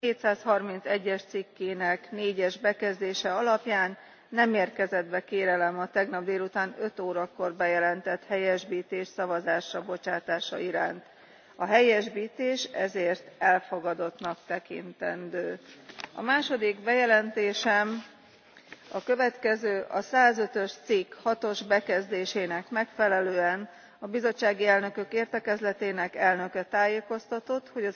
two es cikkének es bekezdése alapján nem érkezett be kérelem a tegnap délután five órakor bejelentett helyestés szavazásra bocsátása iránt. a helyestés ezért elfogadottnak tekintendő. a második bejelentésem a következő a one hundred and five ös cikk hatos bekezdésének megfelelően a bizottsági elnökök értekezletének elnöke tájékoztatott hogy